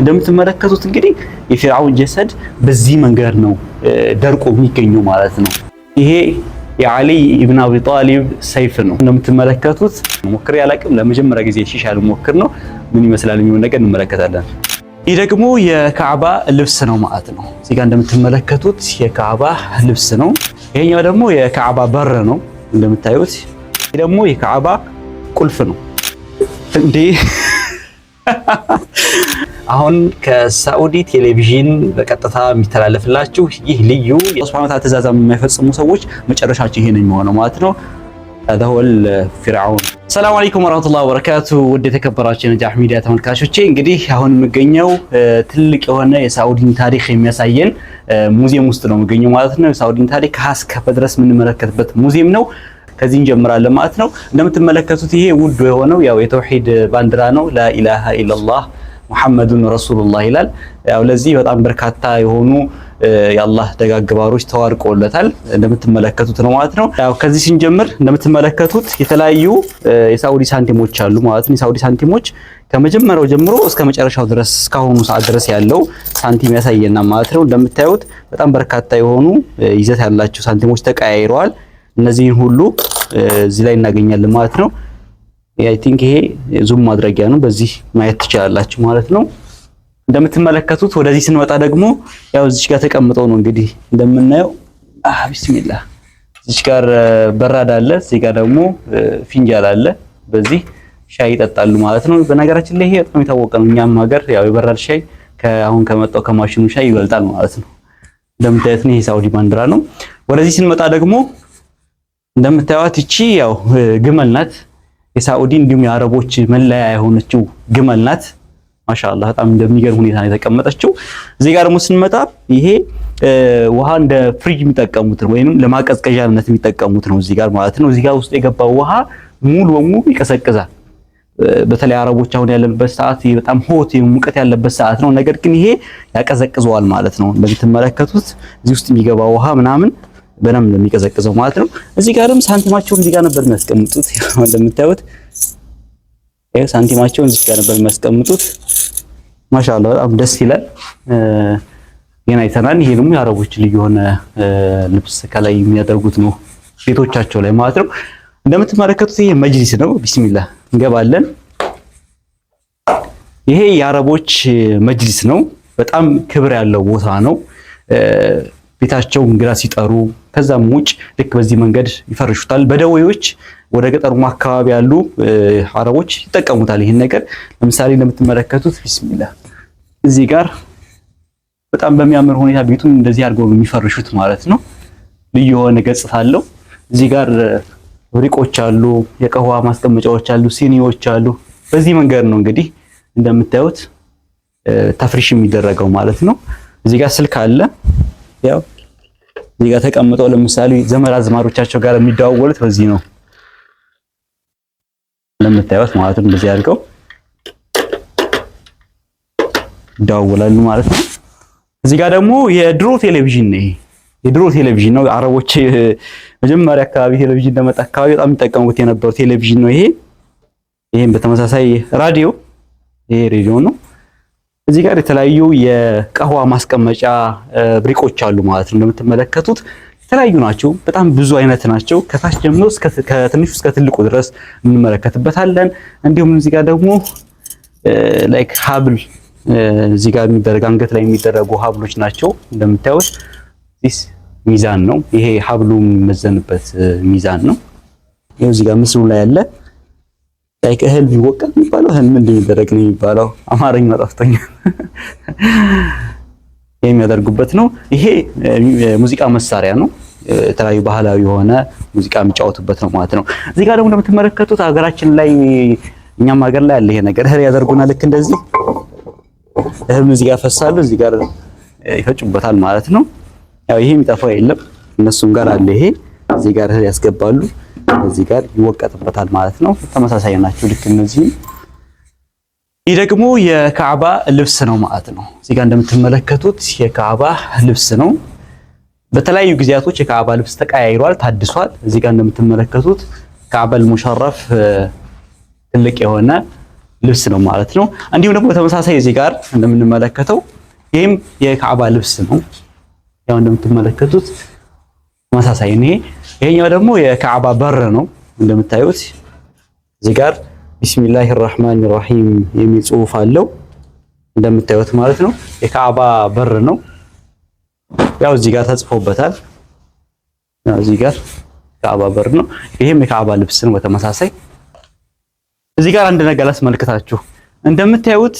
እንደምትመለከቱት እንግዲህ የፊርዓውን ጀሰድ በዚህ መንገድ ነው ደርቆ የሚገኘው ማለት ነው። ይሄ የዓሊ ኢብን አቢ ጣሊብ ሰይፍ ነው እንደምትመለከቱት። ሞክሬ አላቅም። ለመጀመሪያ ጊዜ ሺሻ ልሞክር ነው። ምን ይመስላል የሚሆን ነገር እንመለከታለን። ይህ ደግሞ የካዕባ ልብስ ነው ማለት ነው። እዚህ እንደምትመለከቱት የካዕባ ልብስ ነው። ይሄኛው ደግሞ የካዕባ በር ነው እንደምታዩት። ይህ ደግሞ የካዕባ ቁልፍ ነው እንዴ! አሁን ከሳዑዲ ቴሌቪዥን በቀጥታ የሚተላለፍላችሁ ይህ ልዩ የሶስት ዓመታት ትእዛዛ የማይፈጽሙ ሰዎች መጨረሻቸው ይሄ ነው የሚሆነው ማለት ነው። ሆል ፊርዓውን። ሰላም አለይኩም ወራህመቱላሂ ወበረካቱ። ውድ የተከበራችሁ የነጃህ ሚዲያ ተመልካቾቼ እንግዲህ አሁን የምገኘው ትልቅ የሆነ የሳዑዲን ታሪክ የሚያሳየን ሙዚየም ውስጥ ነው የምገኘው ማለት ነው። የሳዑዲን ታሪክ ከሀ ድረስ የምንመለከትበት ሙዚየም ነው። ከዚህ እንጀምራለን ማለት ነው። እንደምትመለከቱት ይሄ ውዱ የሆነው ያው የተውሂድ ባንዲራ ነው። ላኢላሃ ኢለላህ ሙሐመዱን ረሱሉላህ ይላል። ያው ለዚህ በጣም በርካታ የሆኑ የአላህ ደጋግባሮች ተዋርቆለታል እንደምትመለከቱት ነው ማለት ነው። ያው ከዚህ ስንጀምር እንደምትመለከቱት የተለያዩ የሳውዲ ሳንቲሞች አሉ ማለት ነው። የሳውዲ ሳንቲሞች ከመጀመሪያው ጀምሮ እስከ መጨረሻው ድረስ እስካሁኑ ሰዓት ድረስ ያለው ሳንቲም ያሳየና ማለት ነው። እንደምታዩት በጣም በርካታ የሆኑ ይዘት ያላቸው ሳንቲሞች ተቀያይረዋል። እነዚህን ሁሉ እዚህ ላይ እናገኛለን ማለት ነው። አይ ቲንክ ይሄ ዙም ማድረጊያ ነው። በዚህ ማየት ትችላላችሁ ማለት ነው። እንደምትመለከቱት ወደዚህ ስንመጣ ደግሞ ያው እዚች ጋር ተቀምጠው ነው እንግዲህ እንደምናየው አህ ቢስሚላህ እዚች ጋር በራድ አለ፣ እዚህ ጋር ደግሞ ፊንጃል አለ። በዚህ ሻይ ይጠጣሉ ማለት ነው። በነገራችን ላይ ይሄ በጣም የታወቀ ነው። እኛም ሀገር ያው የበራድ ሻይ ከአሁን ከመጣው ከማሽኑ ሻይ ይበልጣል ማለት ነው። እንደምታዩት ነው የሳውዲ ባንዲራ ነው። ወደዚህ ስንመጣ ደግሞ እንደምታዩት ይቺ ያው ግመል ናት። የሳዑዲ እንዲሁም የአረቦች መለያ የሆነችው ግመል ናት። ማሻአላ በጣም እንደሚገርም ሁኔታ ነው የተቀመጠችው። እዚህ ጋር ደግሞ ስንመጣ ይሄ ውሃ እንደ ፍሪጅ የሚጠቀሙት ነው ወይንም ለማቀዝቀዣነት የሚጠቀሙት ነው እዚህ ጋር ማለት ነው። እዚህ ጋር ውስጥ የገባው ውሃ ሙሉ በሙሉ ይቀሰቅዛል። በተለይ አረቦች አሁን ያለንበት ሰዓት በጣም ሆት ሙቀት ያለበት ሰዓት ነው። ነገር ግን ይሄ ያቀዘቅዘዋል ማለት ነው። እንደምትመለከቱት እዚህ ውስጥ የሚገባው ውሃ ምናምን በደንብ የሚቀዘቅዘው ማለት ነው። እዚህ ጋርም ሳንቲማቸውን እዚህ ጋር ነበር የሚያስቀምጡት። እንደምታዩት ይሄ ሳንቲማቸውን እዚህ ጋር ነበር የሚያስቀምጡት። ማሻአላ በጣም ደስ ይላል። ገና አይተናል። ይሄ ደግሞ የአረቦች ልዩ የሆነ ልብስ ከላይ የሚያደርጉት ነው ቤቶቻቸው ላይ ማለት ነው። እንደምትመለከቱት ይሄ መጅሊስ ነው። ቢስሚላህ እንገባለን። ይሄ የአረቦች መጅሊስ ነው። በጣም ክብር ያለው ቦታ ነው። ቤታቸው እንግዳ ሲጠሩ ከዛም ውጭ ልክ በዚህ መንገድ ይፈርሹታል። በደዌዎች ወደ ገጠሩማ አካባቢ ያሉ አረቦች ይጠቀሙታል። ይህን ነገር ለምሳሌ እንደምትመለከቱት ቢስሚላ እዚህ ጋር በጣም በሚያምር ሁኔታ ቤቱን እንደዚህ አድርገው የሚፈርሹት ማለት ነው። ልዩ የሆነ ገጽታ አለው። እዚህ ጋር ብሪቆች አሉ፣ የቀዋ ማስቀመጫዎች አሉ፣ ሲኒዎች አሉ። በዚህ መንገድ ነው እንግዲህ እንደምታዩት ተፍሪሽ የሚደረገው ማለት ነው። እዚህ ጋር ስልክ አለ። ያው እዚህ ጋር ተቀምጠው ለምሳሌ ዘመድ አዝማዶቻቸው ጋር የሚደዋወሉት በዚህ ነው ለምታዩት ማለት ነው። እንደዚህ አድርገው ይደዋወላሉ ማለት ነው። እዚህ ጋር ደግሞ የድሮ ቴሌቪዥን ነው። የድሮ ቴሌቪዥን ነው። አረቦች መጀመሪያ አካባቢ ቴሌቪዥን እንደመጣ አካባቢ በጣም የሚጠቀሙት የነበረው ቴሌቪዥን ነው ይሄ። ይሄን በተመሳሳይ ራዲዮ ይሄ ሬዲዮ ነው። እዚህ ጋር የተለያዩ የቀህዋ ማስቀመጫ ብሪቆች አሉ ማለት ነው። እንደምትመለከቱት የተለያዩ ናቸው። በጣም ብዙ አይነት ናቸው። ከታች ጀምሮ ከትንሹ እስከ ትልቁ ድረስ እንመለከትበታለን። እንዲሁም እዚህ ጋር ደግሞ ላይክ ሀብል እዚህ ጋር የሚደረግ አንገት ላይ የሚደረጉ ሀብሎች ናቸው። እንደምታዩት ዲስ ሚዛን ነው። ይሄ ሀብሉ የሚመዘንበት ሚዛን ነው። ይኸው እዚህ ጋር ምስሉ ላይ ያለ ላይክ እህል ቢወቀጥ የሚባለው እህል ምን እንደሚደረግ ነው የሚባለው። አማርኛ ጠፍቶኛ የሚያደርጉበት ነው። ይሄ ሙዚቃ መሳሪያ ነው። የተለያዩ ባህላዊ የሆነ ሙዚቃ የሚጫወቱበት ነው ማለት ነው። እዚህ ጋር ደግሞ እንደምትመለከቱት ሀገራችን ላይ እኛም ሀገር ላይ ያለ ይሄ ነገር እህል ያደርጉና ልክ እንደዚህ እህሉን እዚህ ጋር ፈሳሉ እዚህ ጋር ይፈጩበታል ማለት ነው። ያው ይሄ የሚጠፋው የለም እነሱም ጋር አለ። ይሄ እዚህ ጋር እህል ያስገባሉ። እዚህ ጋር ይወቀጥበታል ማለት ነው። ተመሳሳይ ናቸው ልክ እነዚህም። ይህ ደግሞ የካዕባ ልብስ ነው ማለት ነው። እዚህ ጋር እንደምትመለከቱት የካዕባ ልብስ ነው። በተለያዩ ጊዜያቶች የካዕባ ልብስ ተቀያይሯል፣ ታድሷል። እዚህ ጋር እንደምትመለከቱት ካዕበል ሙሸረፍ ትልቅ የሆነ ልብስ ነው ማለት ነው። እንዲሁም ደግሞ በተመሳሳይ እዚህ ጋር እንደምንመለከተው ይህም የካዕባ ልብስ ነው። ያው እንደምትመለከቱት ተመሳሳይ ነው። ይሄኛው ደግሞ የካዕባ በር ነው። እንደምታዩት እዚህ ጋር ቢስሚላሂ ራህማን ራሂም የሚል ጽሁፍ አለው። እንደምታዩት ማለት ነው የካዕባ በር ነው። ያው እዚህ ጋር ተጽፎበታል። ያው እዚህ ጋር ካዕባ በር ነው። ይሄም የካዕባ ልብስ ነው። በተመሳሳይ እዚህ ጋር አንድ ነገር አስመልክታችሁ እንደምታዩት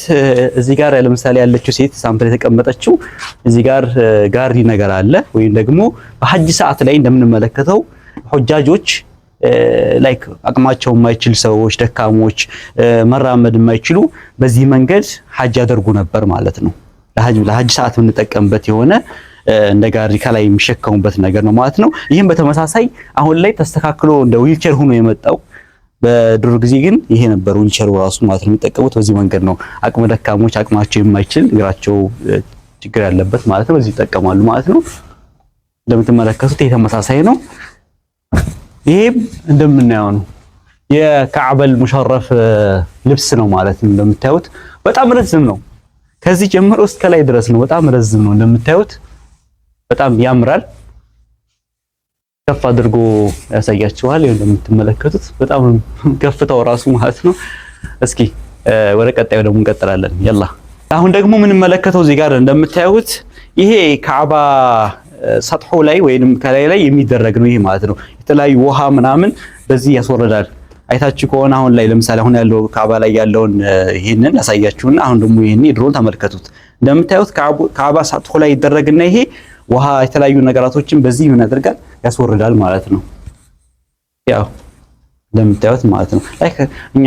እዚህ ጋር ለምሳሌ ያለችው ሴት ሳምፕል የተቀመጠችው እዚህ ጋር ጋሪ ነገር አለ። ወይም ደግሞ በሐጅ ሰዓት ላይ እንደምንመለከተው ሆጃጆች ላይክ አቅማቸው የማይችል ሰዎች፣ ደካሞች፣ መራመድ የማይችሉ በዚህ መንገድ ሐጅ ያደርጉ ነበር ማለት ነው። ለሐጅ ሰዓት የምንጠቀምበት የሆነ እንደ ጋሪ ከላይ የሚሸከሙበት ነገር ነው ማለት ነው። ይህም በተመሳሳይ አሁን ላይ ተስተካክሎ እንደ ዊልቸር ሆኖ የመጣው በድሮ ጊዜ ግን ይሄ ነበር ዊልቸሩ ራሱ ማለት ነው የሚጠቀሙት። በዚህ መንገድ ነው አቅመ ደካሞች፣ አቅማቸው የማይችል እግራቸው ችግር ያለበት ማለት ነው በዚህ ይጠቀማሉ ማለት ነው። እንደምትመለከቱት ይሄ ተመሳሳይ ነው። ይሄም እንደምናየው ነው። የካዕበል ሙሸረፍ ልብስ ነው ማለት ነው። እንደምታዩት በጣም ረዝም ነው። ከዚህ ጀምሮ እስከ ላይ ድረስ ነው። በጣም ረዝም ነው እንደምታዩት በጣም ያምራል። ከፍ አድርጎ ያሳያችኋል። ይሄን እንደምትመለከቱት በጣም ከፍታው ራሱ ማለት ነው። እስኪ ወደ ቀጣዩ ደግሞ እንቀጥላለን። ይላ አሁን ደግሞ የምንመለከተው እዚህ ጋር እንደምታዩት ይሄ ካዕባ ሰጥሖ ላይ ወይንም ከላይ ላይ የሚደረግ ነው። ይሄ ማለት ነው የተለያዩ ውሃ ምናምን በዚህ ያስወርዳል። አይታችሁ ከሆነ አሁን ላይ ለምሳሌ አሁን ያለው ካዕባ ላይ ያለውን ይሄንን ያሳያችሁና አሁን ደግሞ ይሄን ድሮን ተመልከቱት። እንደምታዩት ካዕባ ሰጥሖ ላይ ይደረግና ይሄ ውሃ የተለያዩ ነገራቶችን በዚህ ምን ያደርጋል ያስወርዳል ማለት ነው። ያው እንደምታዩት ማለት ነው ላይክ እኛ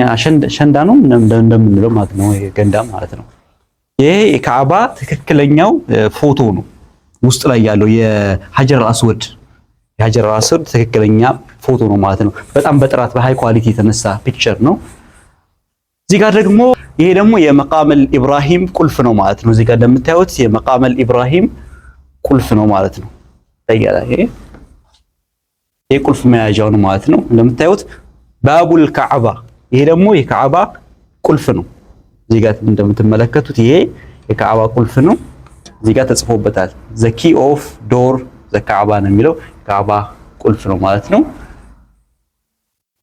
ሸንዳ ነው እንደምንለው ማለት ነው። ይሄ ገንዳ ማለት ነው። ይሄ የካዕባ ትክክለኛው ፎቶ ነው። ውስጥ ላይ ያለው የሀጀር አስወድ የሀጀር አስወድ ትክክለኛ ፎቶ ነው ማለት ነው። በጣም በጥራት በሃይ ኳሊቲ የተነሳ ፒክቸር ነው። እዚህ ጋር ደግሞ ይሄ ደግሞ የመቃመል ኢብራሂም ቁልፍ ነው ማለት ነው። እዚህ ጋር እንደምታዩት የመቃመል ኢብራሂም ቁልፍ ነው ማለት ነው። ይሄ የቁልፍ መያዣውን ማለት ነው። እንደምታዩት ባቡል ካዕባ፣ ይሄ ደግሞ የካዕባ ቁልፍ ነው። እዚህ ጋር እንደምትመለከቱት ይሄ የካዕባ ቁልፍ ነው። እዚህ ጋር ተጽፎበታል። ዘ ኪ ኦፍ ዶር ዘ ካዕባ ነው የሚለው ካዕባ ቁልፍ ነው ማለት ነው።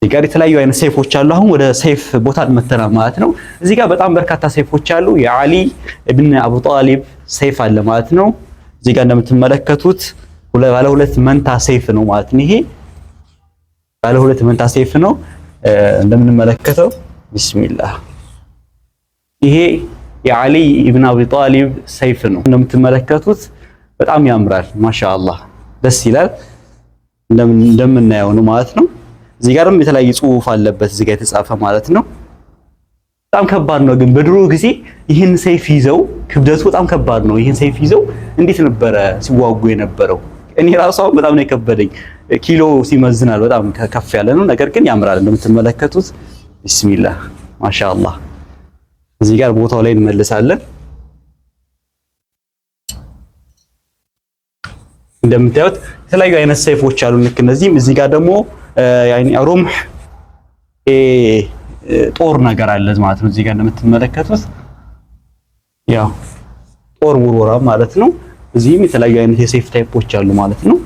እዚህ ጋር የተለያዩ አይነት ሰይፎች አሉ። አሁን ወደ ሰይፍ ቦታ መተና ማለት ነው። እዚህ ጋር በጣም በርካታ ሰይፎች አሉ። የአሊ እብን አቡ ጣሊብ ሰይፍ አለ ማለት ነው። እዚህ ጋር እንደምትመለከቱት ባለ ሁለት መንታ ሴፍ ነው ማለት ነው። ይሄ ባለ ሁለት መንታ ሴፍ ነው እንደምንመለከተው። ቢስሚላህ ይሄ የዓሊ ኢብን አቢ ጣሊብ ሰይፍ ነው እንደምትመለከቱት። በጣም ያምራል ማሻአላህ፣ ደስ ይላል እንደምናየው ነው ማለት ነው። እዚህ ጋርም የተለያየ ጽሁፍ አለበት እዚህ ጋር የተጻፈ ማለት ነው። በጣም ከባድ ነው ግን በድሮ ጊዜ ይህን ሰይፍ ይዘው ክብደቱ በጣም ከባድ ነው። ይህን ሰይፍ ይዘው እንዴት ነበረ ሲዋጉ የነበረው? እኔ ራሱ አሁን በጣም ነው የከበደኝ። ኪሎ ሲመዝናል በጣም ከፍ ያለ ነው፣ ነገር ግን ያምራል። እንደምትመለከቱት ቢስሚላህ ማሻአላህ። እዚህ ጋር ቦታው ላይ እንመልሳለን። እንደምታዩት የተለያዩ አይነት ሰይፎች አሉ። ልክ እነዚህም እዚህ ጋር ደግሞ ሩምህ ጦር ነገር አለ ማለት ነው። እዚህ ጋር እንደምትመለከቱት ያው ጦር ውርወራ ማለት ነው። እዚህም የተለያዩ አይነት የሴፍ ታይፖች አሉ ማለት ነው።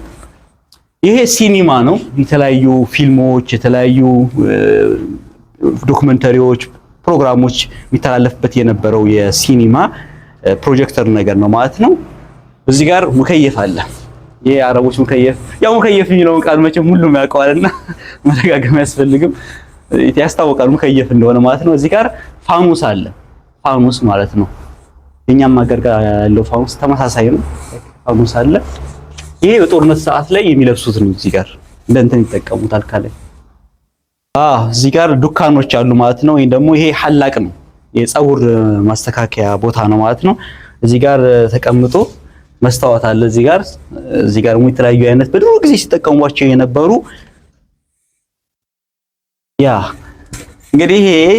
ይሄ ሲኒማ ነው። የተለያዩ ፊልሞች፣ የተለያዩ ዶክመንተሪዎች፣ ፕሮግራሞች የሚተላለፍበት የነበረው የሲኒማ ፕሮጀክተር ነገር ነው ማለት ነው። እዚህ ጋር ሙከየፍ አለ። ይሄ አረቦች ሙከየፍ ያው ሙከየፍ የሚለውን ቃል መቼም ሁሉም ያውቀዋልና መደጋገም አያስፈልግም። ያስታውቃል ሙከየፍ እንደሆነ ማለት ነው። እዚህ ጋር ፋኑስ አለ። ፋኑስ ማለት ነው የኛም ሀገር ጋር ያለው ፋኑስ ተመሳሳይ ነው። ፋኑስ አለ። ይሄ በጦርነት ሰዓት ላይ የሚለብሱት ነው። እዚህ ጋር እንደ እንትን ይጠቀሙታል ካለ እዚህ ጋር ዱካኖች አሉ ማለት ነው። ወይም ደግሞ ይሄ ሐላቅ ነው፣ የፀጉር ማስተካከያ ቦታ ነው ማለት ነው። እዚህ ጋር ተቀምጦ መስታወት አለ። እዚህ ጋር እዚህ ጋር የተለያዩ አይነት በድሮ ጊዜ ሲጠቀሙባቸው የነበሩ ያ እንግዲህ ይሄ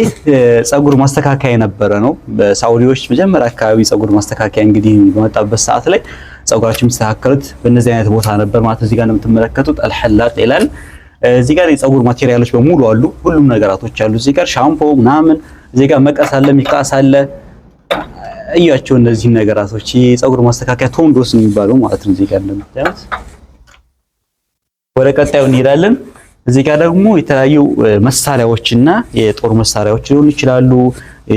ጸጉር ማስተካከያ የነበረ ነው። በሳውዲዎች መጀመሪያ አካባቢ ጸጉር ማስተካከያ እንግዲህ በመጣበት ሰዓት ላይ ጸጉራቸው የሚስተካከሉት በእነዚህ አይነት ቦታ ነበር ማለት እዚህ ጋር እንደምትመለከቱት አልሐላቅ ይላል። እዚህ ጋር የጸጉር ማቴሪያሎች በሙሉ አሉ። ሁሉም ነገራቶች አሉ። እዚህ ጋር ሻምፖ ምናምን፣ እዚህ ጋር መቀስ አለ፣ ሚቃስ አለ። እያቸው እነዚህ ነገራቶች የጸጉር ማስተካከያ ቶንዶስ የሚባለው ማለት ነው። እዚህ ጋር እንደምታዩት ወደ ቀጣዩ እንሄዳለን። እዚህ ጋር ደግሞ የተለያዩ መሳሪያዎችና የጦር መሳሪያዎች ሊሆኑ ይችላሉ፣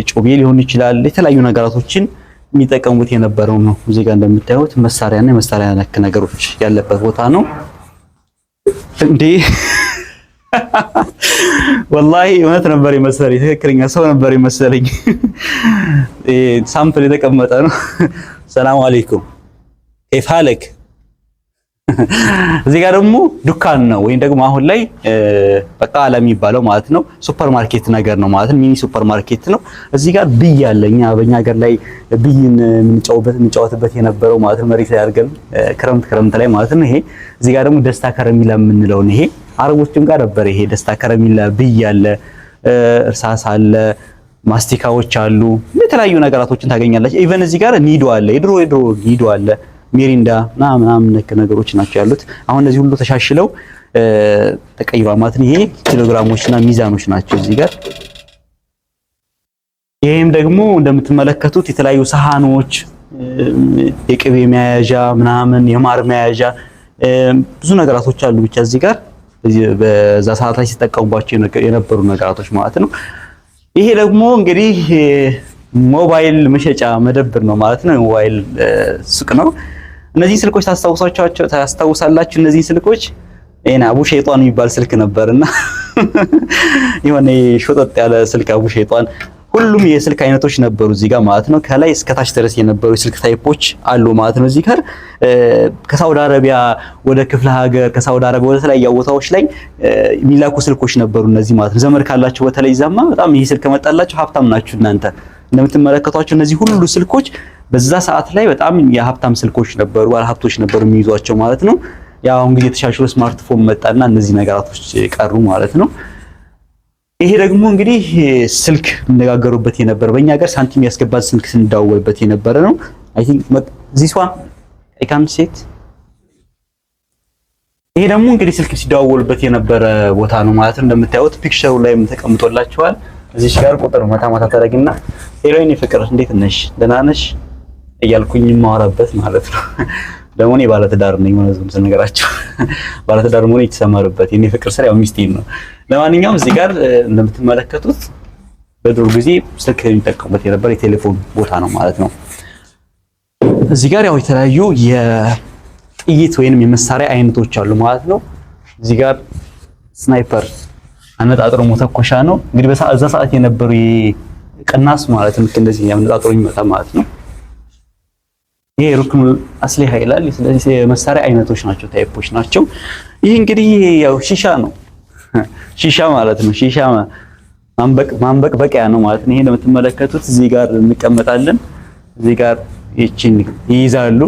ጩቤ ሊሆን ይችላል። የተለያዩ ነገራቶችን የሚጠቀሙት የነበረው ነው። እዚህ ጋር እንደምታዩት መሳሪያና የመሳሪያ ነክ ነገሮች ያለበት ቦታ ነው እንዴ! ወላሂ እውነት ነበር የመሰለኝ፣ ትክክለኛ ሰው ነበር የመሰለኝ። ሳምፕል የተቀመጠ ነው። ሰላም አለይኩም ኬፍ እዚህ ጋር ደግሞ ዱካን ነው ወይም ደግሞ አሁን ላይ በቃ ዓለም የሚባለው ማለት ነው። ሱፐር ማርኬት ነገር ነው ማለት ነው። ሚኒ ሱፐር ማርኬት ነው። እዚህ ጋር ብይ አለ። እኛ በእኛ ሀገር ላይ ብይን የምንጫወትበት የነበረው ማለት ነው። መሬት ላይ አድርገን ክረምት ክረምት ላይ ማለት ነው። ይሄ እዚህ ጋር ደግሞ ደስታ ከረሚላ የምንለው ነው። ይሄ አረቦችም ጋር ነበር። ይሄ ደስታ ከረሚላ ብይ አለ፣ እርሳስ አለ፣ ማስቲካዎች አሉ። የተለያዩ ነገራቶችን ታገኛላችሁ። ኢቨን እዚህ ጋር ኒዶ አለ። የድሮ የድሮ ኒዶ አለ ሚሪንዳ ምናምን ነክ ነገሮች ናቸው ያሉት። አሁን እነዚህ ሁሉ ተሻሽለው ተቀይሯል ማለት ነው። ይሄ ኪሎግራሞችና ሚዛኖች ናቸው እዚህ ጋር። ይሄም ደግሞ እንደምትመለከቱት የተለያዩ ሰሃኖች፣ የቅቤ መያዣ ምናምን፣ የማር መያዣ ብዙ ነገራቶች አሉ። ብቻ እዚህ ጋር በዛ ሰዓት ላይ ሲጠቀሙባቸው የነበሩ ነገራቶች ማለት ነው። ይሄ ደግሞ እንግዲህ ሞባይል መሸጫ መደብር ነው ማለት ነው። ሞባይል ሱቅ ነው። እነዚህን ስልኮች ታስታውሳቸዋቸው ታስታውሳላችሁ። እነዚህን ስልኮች ይሄን አቡ ሸይጣን የሚባል ስልክ ነበርና የሆነ ሾጠጥ ያለ ስልክ አቡ ሸይጣን። ሁሉም የስልክ አይነቶች ነበሩ እዚህ ጋር ማለት ነው። ከላይ እስከ ታች ድረስ የነበሩ የስልክ ታይፖች አሉ ማለት ነው። እዚህ ጋር ከሳውዲ አረቢያ ወደ ክፍለ ሀገር፣ ከሳውዲ አረቢያ ወደ ተለያየ ቦታዎች ላይ የሚላኩ ስልኮች ነበሩ እነዚህ ማለት ነው። ዘመድ ካላችሁ በተለይ ዛማ በጣም ይሄ ስልክ መጣላችሁ ሀብታም ናችሁ እናንተ። እንደምትመለከቷቸው እነዚህ ሁሉ ስልኮች በዛ ሰዓት ላይ በጣም የሀብታም ስልኮች ነበሩ፣ ባለሀብቶች ነበሩ የሚይዟቸው ማለት ነው። ያው አሁን ጊዜ የተሻሽሎ ስማርትፎን መጣና እነዚህ ነገራቶች ቀሩ ማለት ነው። ይሄ ደግሞ እንግዲህ ስልክ የሚነጋገሩበት የነበረ በእኛ ሀገር ሳንቲም ያስገባት ስልክ ስንዳወልበት የነበረ ነው። አይ ቲንክ ዚስ ዋን አይ ካን ሴት ይሄ ደግሞ እንግዲህ ስልክ ሲደዋወሉበት የነበረ ቦታ ነው ማለት ነው። እንደምታዩት ፒክቸሩ ላይም ተቀምጦላችኋል። እዚህ ጋር ቁጥር ማታ ማታ ሄሮይን ፍቅር እንዴት ነሽ? ደህና ነሽ? እያልኩኝ የማወራበት ማለት ነው። ደግሞ እኔ ባለትዳር ነኝ ማለት ነው። ስነገራቸው ባለትዳር መሆኔ የተሰመረበት የኔ ፍቅር ስራ ያው ሚስቴን ነው። ለማንኛውም እዚህ ጋር እንደምትመለከቱት በድሮ ጊዜ ስልክ የሚጠቀሙበት የነበር የቴሌፎን ቦታ ነው ማለት ነው። እዚህ ጋር ያው የተለያዩ የጥይት ወይንም የመሳሪያ አይነቶች አሉ ማለት ነው። እዚህ ጋር ስናይፐር አነጣጥሮ መተኮሻ ነው እንግዲህ በዛ ሰዓት የነበሩ ቅናስ ማለት ነው። እንደዚህ ያነጣጥሮ የሚመታ ማለት ነው። ይሄ ሩክኑል አስሊሃ ይላል። ስለዚህ የመሳሪያ አይነቶች ናቸው፣ ታይፖች ናቸው። ይህ እንግዲህ ያው ሺሻ ነው፣ ሺሻ ማለት ነው። ሺሻ ማንበቅ ማንበቅበቂያ ነው ማለት ነው። ይሄ የምትመለከቱት እዚህ ጋር እንቀመጣለን፣ እዚህ ጋር ይቺን ይይዛሉ።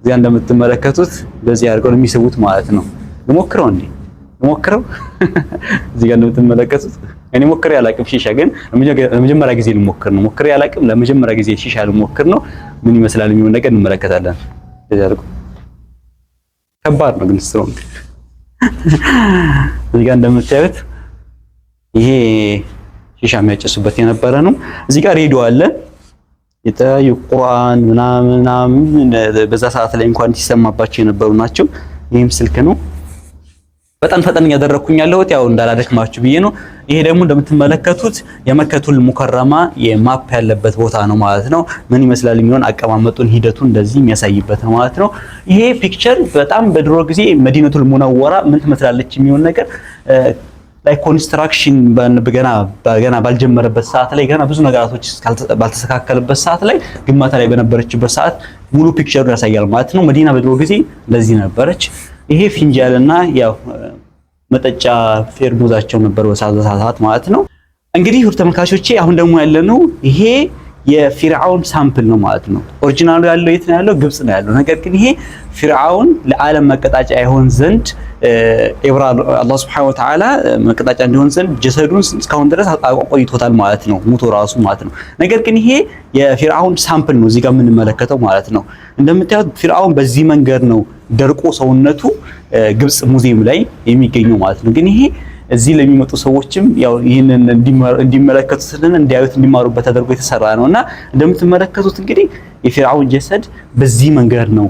እዚያ እንደምትመለከቱት በዚህ አድርገው የሚስቡት ማለት ነው። ልሞክረው እንዴ፣ ልሞክረው። እዚህ ጋር እንደምትመለከቱት እኔ ሞክሬ አላቅም። ሺሻ ግን ለመጀመሪያ ጊዜ ልሞክር ነው። ሞክሬ አላቅም። ለመጀመሪያ ጊዜ ሺሻ ልሞክር ነው። ምን ይመስላል የሚሆን ነገር እንመለከታለን። ከባድ ነው ግን ስትሮንግ እዚህ ጋር እንደምታዩት ይሄ ሺሻ የሚያጨሱበት የነበረ ነው። እዚህ ጋር ሬዲዮ አለ የተለያዩ ቁርአን ምናምን ምናምን በዛ ሰዓት ላይ እንኳን ሲሰማባቸው የነበሩ ናቸው። ይህም ስልክ ነው። በጣም ፈጠን ያደረኩኝ ያለሁት ያው እንዳላደክማችሁ ብዬ ነው። ይሄ ደግሞ እንደምትመለከቱት የመከቱል ሙከረማ የማፕ ያለበት ቦታ ነው ማለት ነው። ምን ይመስላል የሚሆን አቀማመጡን ሂደቱን እንደዚህ የሚያሳይበት ነው ማለት ነው። ይሄ ፒክቸር በጣም በድሮ ጊዜ መዲነቱል ሙነወራ ምን ትመስላለች የሚሆን ነገር ላይ ኮንስትራክሽን ገና ባልጀመረበት ሰዓት ላይ ገና ብዙ ነገራቶች ባልተስተካከለበት ሰዓት ላይ ግንባታ ላይ በነበረችበት ሰዓት ሙሉ ፒክቸሩን ያሳያል ማለት ነው። መዲና በድሮ ጊዜ እንደዚህ ነበረች። ይሄ ፊንጃል እና ያው መጠጫ ፌርሙዛቸው ነበር በሳዘሳሳት ማለት ነው። እንግዲህ ሁር ተመልካቾቼ አሁን ደግሞ ያለነው ይሄ የፊርዓውን ሳምፕል ነው ማለት ነው። ኦሪጂናሉ ያለው የት ነው ያለው? ግብጽ ነው ያለው። ነገር ግን ይሄ ፊርዓውን ለዓለም መቀጣጫ ይሆን ዘንድ ኢብራ አላህ Subhanahu Wa Ta'ala መቀጣጫ እንዲሆን ዘንድ ጀሰዱን እስካሁን ድረስ አቆይቶታል ማለት ነው፣ ሙቶ ራሱ ማለት ነው። ነገር ግን ይሄ የፊርዓውን ሳምፕል ነው እዚህ ጋር የምንመለከተው ማለት ነው። እንደምታዩት ፊርዓውን በዚህ መንገድ ነው ደርቆ ሰውነቱ ግብጽ ሙዚየም ላይ የሚገኘው ማለት ነው። ግን ይሄ እዚህ ለሚመጡ ሰዎችም ያው ይህንን እንዲመለከቱትና እንዲያዩት እንዲማሩበት ተደርጎ የተሰራ ነው እና እንደምትመለከቱት እንግዲህ የፊርዓውን ጀሰድ በዚህ መንገድ ነው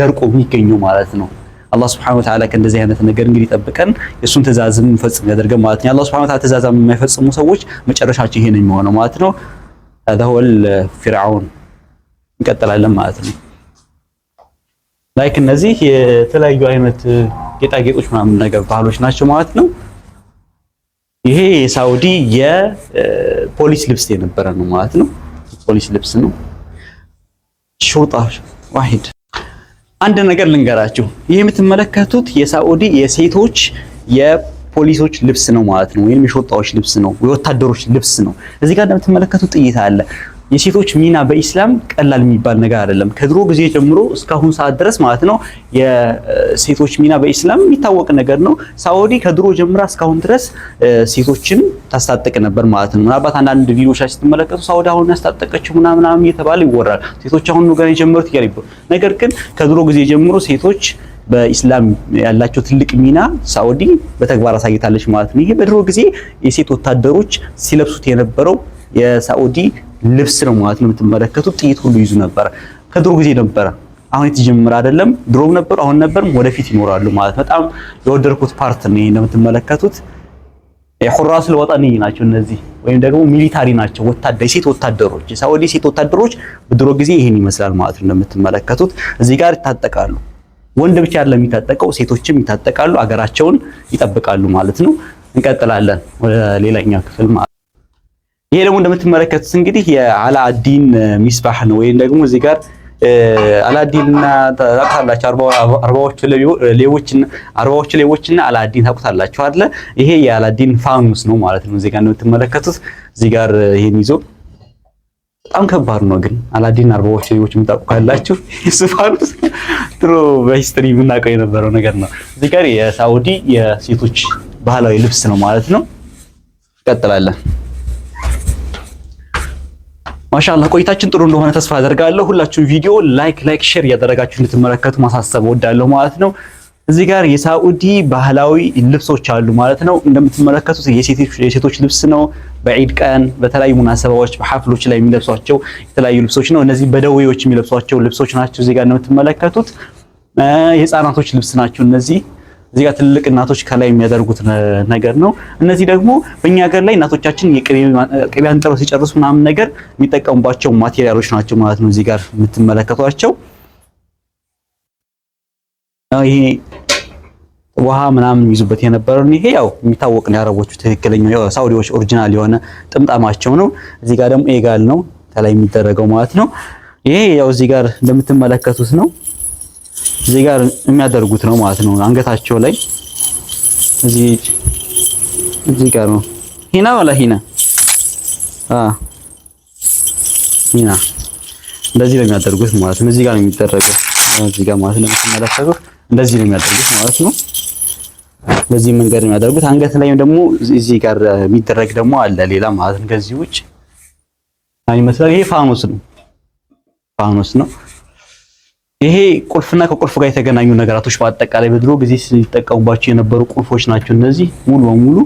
ደርቆ የሚገኘው ማለት ነው። አላህ ስብሐነሁ ወተዓላ ከእንደዚህ አይነት ነገር እንግዲህ ጠብቀን የእሱን ትእዛዝም ፈጽም ያደርገን ማለት ነው። አላህ ስብሐነሁ ወተዓላ ትእዛዝ የማይፈጽሙ ሰዎች መጨረሻቸው ይሄ ነው የሚሆነው ማለት ነው። هذا هو الفرعون እንቀጥላለን ማለት ነው። ላይክ እነዚህ የተለያዩ አይነት ጌጣጌጦች ምናምን ነገር ባህሎች ናቸው ማለት ነው። ይሄ የሳውዲ የፖሊስ ልብስ የነበረ ነው ማለት ነው። ፖሊስ ልብስ ነው። ሾጣ ዋሂድ አንድ ነገር ልንገራችሁ። ይህ የምትመለከቱት የሳውዲ የሴቶች የፖሊሶች ልብስ ነው ማለት ነው። ወይም የሾጣዎች ልብስ ነው፣ የወታደሮች ልብስ ነው። እዚህ ጋር እንደምትመለከቱት ጥይት አለ። የሴቶች ሚና በኢስላም ቀላል የሚባል ነገር አይደለም። ከድሮ ጊዜ ጀምሮ እስካሁን ሰዓት ድረስ ማለት ነው። የሴቶች ሚና በኢስላም የሚታወቅ ነገር ነው። ሳውዲ ከድሮ ጀምራ እስካሁን ድረስ ሴቶችን ታስታጥቅ ነበር ማለት ነው። ምናልባት አንዳንድ ቪዲዮዎች ላይ ስትመለከቱ ሳውዲ አሁን ያስታጠቀችው ምናምናም እየተባለ ይወራል። ሴቶች አሁን ገና የጀመሩት እያሉ ነገር ግን ከድሮ ጊዜ ጀምሮ ሴቶች በኢስላም ያላቸው ትልቅ ሚና ሳውዲ በተግባር አሳይታለች ማለት ነው። ይሄ በድሮ ጊዜ የሴት ወታደሮች ሲለብሱት የነበረው የሳዑዲ ልብስ ነው ማለት ነው የምትመለከቱት። ጥይት ሁሉ ይዙ ነበረ። ከድሮ ጊዜ ነበረ። አሁን የተጀመረ አይደለም። ድሮም ነበር፣ አሁን ነበርም፣ ወደፊት ይኖራሉ ማለት ነው። በጣም የወደድኩት ፓርት ነው ይሄ እንደምትመለከቱት የሁራስ ለወጣኒ ናቸው እነዚህ ወይም ደግሞ ሚሊታሪ ናቸው ወታደር ሴት ወታደሮች የሳውዲ ሴት ወታደሮች በድሮ ጊዜ ይሄን ይመስላል ማለት ነው። እንደምትመለከቱት እዚህ ጋር ይታጠቃሉ። ወንድ ብቻ አይደለም የሚታጠቀው፣ ሴቶችም ይታጠቃሉ። አገራቸውን ይጠብቃሉ ማለት ነው። እንቀጥላለን ወደ ሌላኛው ክፍል ማለት ይሄ ደግሞ እንደምትመለከቱት እንግዲህ የአላዲን ሚስባህ ነው። ወይም ደግሞ እዚህ ጋር አላዲን እና ታውቁታላችሁ። አርባዎቹ ሌቦችና አርባዎቹ ሌቦችና አላዲን ታውቁታላችሁ አይደለ? ይሄ የአላዲን ፋኑስ ነው ማለት ነው። እዚህ ጋር እንደምትመለከቱት እዚህ ጋር ይሄን ይዞ በጣም ከባድ ነው። ግን አላዲን አርባዎቹ ሌቦች የምታውቁ ካላችሁ እሱ ፋኑስ ድሮ በሂስትሪ የምናውቀው የነበረው ነገር ነው። እዚህ ጋር የሳውዲ የሴቶች ባህላዊ ልብስ ነው ማለት ነው። እንቀጥላለን። ማሻላ ቆይታችን ጥሩ እንደሆነ ተስፋ አደርጋለሁ። ሁላችሁም ቪዲዮ ላይክ ላይክ ሼር እያደረጋችሁ እንድትመለከቱ ማሳሰብ ወዳለሁ ማለት ነው። እዚህ ጋር የሳኡዲ ባህላዊ ልብሶች አሉ ማለት ነው። እንደምትመለከቱት የሴቶች ልብስ ነው። በዒድ ቀን፣ በተለያዩ ሙናሰባዎች፣ በሐፍሎች ላይ የሚለብሷቸው የተለያዩ ልብሶች ነው። እነዚህ በደዌዎች የሚለብሷቸው ልብሶች ናቸው። እዚህ ጋር እንደምትመለከቱት የህፃናቶች ልብስ ናቸው እነዚህ እዚህ ጋር ትልልቅ እናቶች ከላይ የሚያደርጉት ነገር ነው። እነዚህ ደግሞ በእኛ ሀገር ላይ እናቶቻችን የቅቤ አንጥረው ሲጨርሱ ምናምን ነገር የሚጠቀሙባቸው ማቴሪያሎች ናቸው ማለት ነው። እዚህ ጋር የምትመለከቷቸው ይሄ ውሃ ምናምን የሚይዙበት የነበረውን ይሄ ያው የሚታወቅ ነው። የአረቦቹ ትክክለኛ ሳውዲዎች ኦሪጂናል የሆነ ጥምጣማቸው ነው። እዚህ ጋር ደግሞ ኤጋል ነው ከላይ የሚደረገው ማለት ነው። ይሄ ያው እዚህ ጋር እንደምትመለከቱት ነው። እዚህ ጋር የሚያደርጉት ነው ማለት ነው። አንገታቸው ላይ እዚህ እዚህ ጋር ነው። ሂና ወላ ሂና አ ሂና እንደዚህ ነው የሚያደርጉት ማለት ነው። እዚህ ጋር ነው የሚደረገው እዚህ ጋር ማለት ነው። የምትመለከቱት እንደዚህ ነው የሚያደርጉት ማለት ነው። በዚህ መንገድ ነው የሚያደርጉት። አንገት ላይም ደግሞ እዚህ ጋር የሚደረግ ደግሞ አለ ሌላ ማለት ነው። ከዚህ ውጭ ይመስላል። ይሄ ፋኖስ ነው ፋኖስ ነው። ይሄ ቁልፍና ከቁልፍ ጋር የተገናኙ ነገራቶች በአጠቃላይ በድሮ ጊዜ ሲጠቀሙባቸው የነበሩ ቁልፎች ናቸው። እነዚህ ሙሉ በሙሉ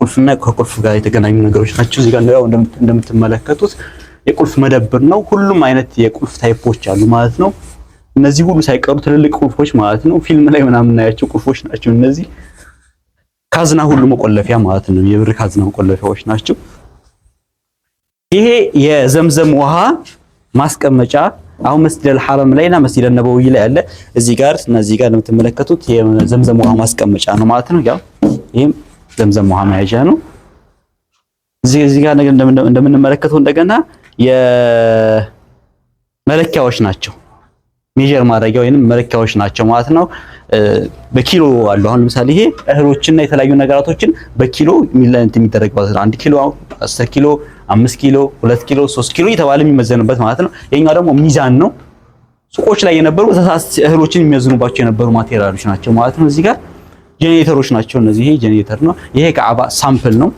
ቁልፍና ከቁልፍ ጋር የተገናኙ ነገሮች ናቸው። እዚህ ጋር እንደምትመለከቱት የቁልፍ መደብር ነው። ሁሉም አይነት የቁልፍ ታይፖች አሉ ማለት ነው። እነዚህ ሁሉ ሳይቀሩ ትልልቅ ቁልፎች ማለት ነው። ፊልም ላይ ምናምን እናያቸው ቁልፎች ናቸው እነዚህ። ካዝና ሁሉ መቆለፊያ ማለት ነው። የብር ካዝና መቆለፊያዎች ናቸው። ይሄ የዘምዘም ውሃ ማስቀመጫ አሁን መስጂደል ሐረም ላይና መስጂድ ነበዊ ላይ አለ። እዚህ ጋር እና እዚህ ጋር እንደምትመለከቱት የዘምዘም ውሃ ማስቀመጫ ነው ማለት ነው። ያው ይሄም ዘምዘም ውሃ መያዣ ነው። እዚህ እዚህ ጋር እንደምንመለከተው እንደገና የመለኪያዎች ናቸው። ሜዠር ማድረጊያ ወይንም መለኪያዎች ናቸው ማለት ነው። በኪሎ አሉ። አሁን ለምሳሌ ይሄ እህሎችና የተለያዩ ነገራቶችን በኪሎ ሚለንት የሚደረግበት አንድ ኪሎ፣ አስር ኪሎ፣ አምስት ኪሎ፣ ሁለት ኪሎ፣ ሶስት ኪሎ የተባለ የሚመዘንበት ማለት ነው። ይሄኛው ደግሞ ሚዛን ነው። ሱቆች ላይ የነበሩ እህሎችን የሚመዝኑባቸው የነበሩ ማቴሪያሎች ናቸው ማለት ነው። እዚህ ጋር ጄኔሬተሮች ናቸው እነዚህ። ይሄ ጄኔሬተር ነው። ይሄ ከአባ ሳምፕል ነው።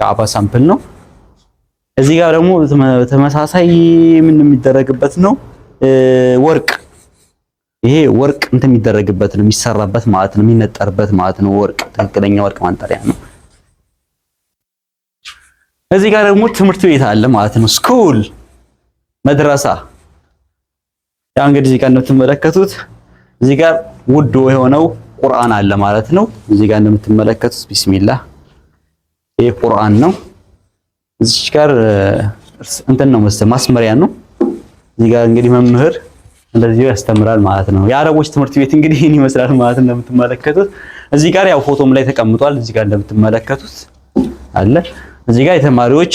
ከአባ ሳምፕል ነው። እዚህ ጋር ደግሞ ተመሳሳይ ምን የሚደረግበት ነው ወርቅ ይሄ ወርቅ እንትን የሚደረግበት ነው የሚሰራበት ማለት ነው የሚነጠርበት ማለት ነው። ወርቅ ትክክለኛ ወርቅ ማንጠሪያ ነው። እዚህ ጋር ደግሞ ትምህርት ቤት አለ ማለት ነው። ስኩል መድረሳ። ያ እንግዲህ እዚህ ጋር እንደምትመለከቱት እዚህ ጋር ውዶ የሆነው ቁርአን አለ ማለት ነው። እዚህ ጋር እንደምትመለከቱት ቢስሚላ ይሄ ቁርአን ነው። እዚህ ጋር እንትን ነው መሰለኝ ማስመሪያ ነው። እዚህ ጋር እንግዲህ መምህር እንደዚሁ ያስተምራል ማለት ነው። የአረቦች ትምህርት ቤት እንግዲህ ይህን ይመስላል ማለት እንደምትመለከቱት። እዚህ ጋር ያው ፎቶም ላይ ተቀምጧል። እዚህ ጋር እንደምትመለከቱት አለ። እዚህ ጋር የተማሪዎች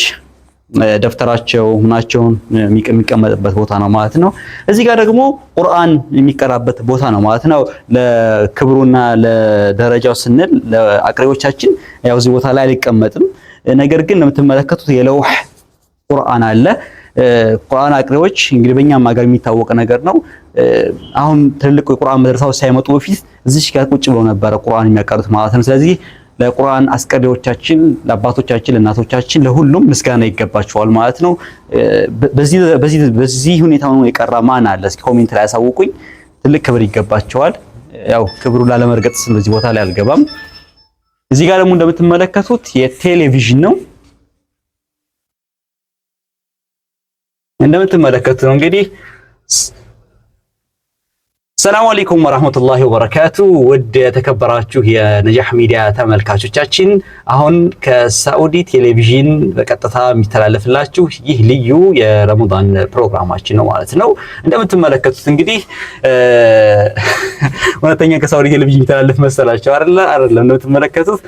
ደብተራቸው ምናቸውን የሚቀመጥበት ቦታ ነው ማለት ነው። እዚህ ጋር ደግሞ ቁርአን የሚቀራበት ቦታ ነው ማለት ነው። ለክብሩና ለደረጃው ስንል ለአቅሪዎቻችን ያው እዚህ ቦታ ላይ አይቀመጥም ነገር ግን እንደምትመለከቱት የለውህ ቁርአን አለ። ቁርአን አቅሪዎች እንግዲህ በእኛም ሀገር የሚታወቅ ነገር ነው። አሁን ትልልቅ የቁርአን መድረሳው ሳይመጡ በፊት እዚሽ ጋር ቁጭ ብለው ነበረ ቁርአን የሚያቀሩት ማለት ነው። ስለዚህ ለቁርአን አስቀሪዎቻችን፣ ለአባቶቻችን፣ ለእናቶቻችን ለሁሉም ምስጋና ይገባቸዋል ማለት ነው። በዚህ በዚህ በዚህ ሁኔታ ነው የቀራ ማን አለ? እስኪ ኮሜንት ላይ ያሳውቁኝ። ትልቅ ክብር ይገባቸዋል። ያው ክብሩ ላለመርገጥ ስለዚህ ቦታ ላይ አልገባም። እዚህ ጋር ደግሞ እንደምትመለከቱት የቴሌቪዥን ነው። እንደምትመለከቱ ነው እንግዲህ ሰላሙ አለይኩም ወራህመቱላሂ ወበረካቱ። ውድ የተከበራችሁ የነጃህ ሚዲያ ተመልካቾቻችን አሁን ከሳዑዲ ቴሌቪዥን በቀጥታ የሚተላለፍላችሁ ይህ ልዩ የረመዳን ፕሮግራማችን ነው ማለት ነው። እንደምትመለከቱት እንግዲህ እውነተኛ ከሳዑዲ ቴሌቪዥን የሚተላለፍ መሰላቸው አይደለ? አይደለም። እንደምትመለከቱት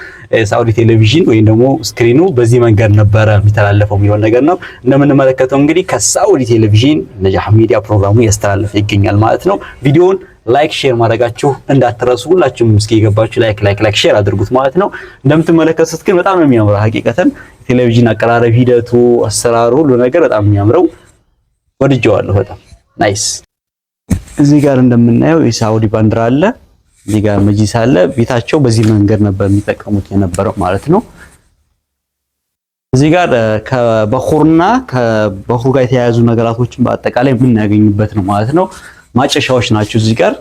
ሳዑዲ ቴሌቪዥን ወይም ደግሞ ስክሪኑ በዚህ መንገድ ነበረ የሚተላለፈው የሚሆን ነገር ነው። እንደምንመለከተው እንግዲህ ከሳዑዲ ቴሌቪዥን ነጃህ ሚዲያ ፕሮግራሙ እያስተላለፈ ይገኛል ማለት ነው ቪዲዮውን ላይክ ሼር ማድረጋችሁ እንዳትረሱ። ሁላችሁም እስኪ የገባችሁ ላይክ ላይክ ላይክ ሼር አድርጉት ማለት ነው። እንደምትመለከቱት ግን በጣም ነው የሚያምረው። ሀቂቀተን የቴሌቪዥን አቀራረብ ሂደቱ፣ አሰራሩ፣ ሁሉ ነገር በጣም የሚያምረው ወድጀዋለሁ። በጣም ናይስ። እዚህ ጋር እንደምናየው የሳውዲ ባንዲራ አለ። እዚህ ጋር መጂስ አለ። ቤታቸው በዚህ መንገድ ነበር የሚጠቀሙት የነበረው ማለት ነው። እዚህ ጋር ከበኹርና ከበኹር ጋር የተያያዙ ነገራቶችን በአጠቃላይ የምናገኝበት ነው ማለት ነው። ማጨሻዎች ናቸው። እዚህ ጋር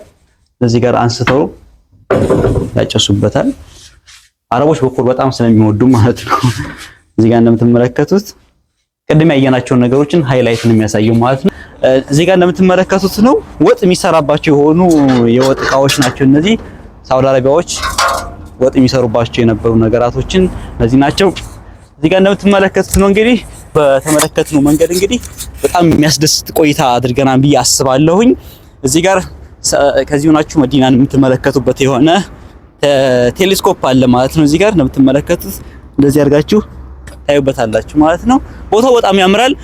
እዚህ ጋር አንስተው ያጨሱበታል። አረቦች በኩል በጣም ስለሚወዱ ማለት ነው። እዚህ ጋር እንደምትመለከቱት ቅድም ያየናቸውን ነገሮችን ሃይላይትን የሚያሳየው ማለት ነው። እዚህ ጋር እንደምትመለከቱት ነው ወጥ የሚሰራባቸው የሆኑ የወጥ እቃዎች ናቸው። እነዚህ ሳውዲ አረቢያዎች ወጥ የሚሰሩባቸው የነበሩ ነገራቶችን እነዚህ ናቸው። እዚህ ጋር እንደምትመለከቱት ነው እንግዲህ በተመለከትነው መንገድ እንግዲህ በጣም የሚያስደስት ቆይታ አድርገናል ብዬ አስባለሁኝ። እዚህ ጋር ከዚህ ሆናችሁ መዲናን የምትመለከቱበት የሆነ ቴሌስኮፕ አለ ማለት ነው። እዚህ ጋር እንደምትመለከቱት እንደዚህ አድርጋችሁ ታዩበታላችሁ ማለት ነው። ቦታው በጣም ያምራል።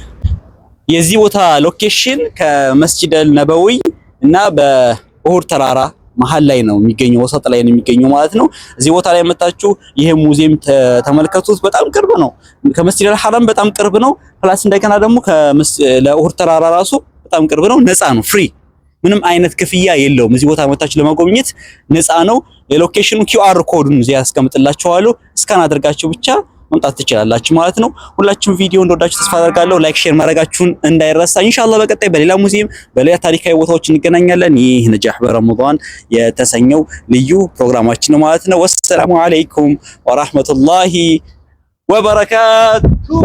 የዚህ ቦታ ሎኬሽን ከመስጂደል ነበዊ እና በኡሁድ ተራራ መሀል ላይ ነው የሚገኘው፣ ወሰጥ ላይ ነው የሚገኘው ማለት ነው። እዚህ ቦታ ላይ መጣችሁ ይሄ ሙዚየም ተመልከቱት። በጣም ቅርብ ነው፣ ከመስጂደል ሐራም በጣም ቅርብ ነው። ፕላስ እንደገና ደግሞ ለኡሁድ ተራራ ራሱ በጣም ቅርብ ነው። ነፃ ነው፣ ፍሪ ምንም አይነት ክፍያ የለውም። እዚህ ቦታ መታችሁ ለመጎብኘት ነፃ ነው። የሎኬሽኑ ኪውአር ኮዱን እዚህ ያስቀምጥላችኋለሁ። እስካን አድርጋችሁ ብቻ መምጣት ትችላላችሁ ማለት ነው። ሁላችሁም ቪዲዮ እንደወዳችሁ ተስፋ አደርጋለሁ። ላይክ፣ ሼር ማድረጋችሁን እንዳይረሳ። ኢንሻአላህ በቀጣይ በሌላ ሙዚየም፣ በሌላ ታሪካዊ ቦታዎች እንገናኛለን። ይህ ነጃህ በረመዳን የተሰኘው ልዩ ፕሮግራማችን ነው ማለት ነው። ወሰላሙ አለይኩም ወራህመቱላሂ ወበረካቱ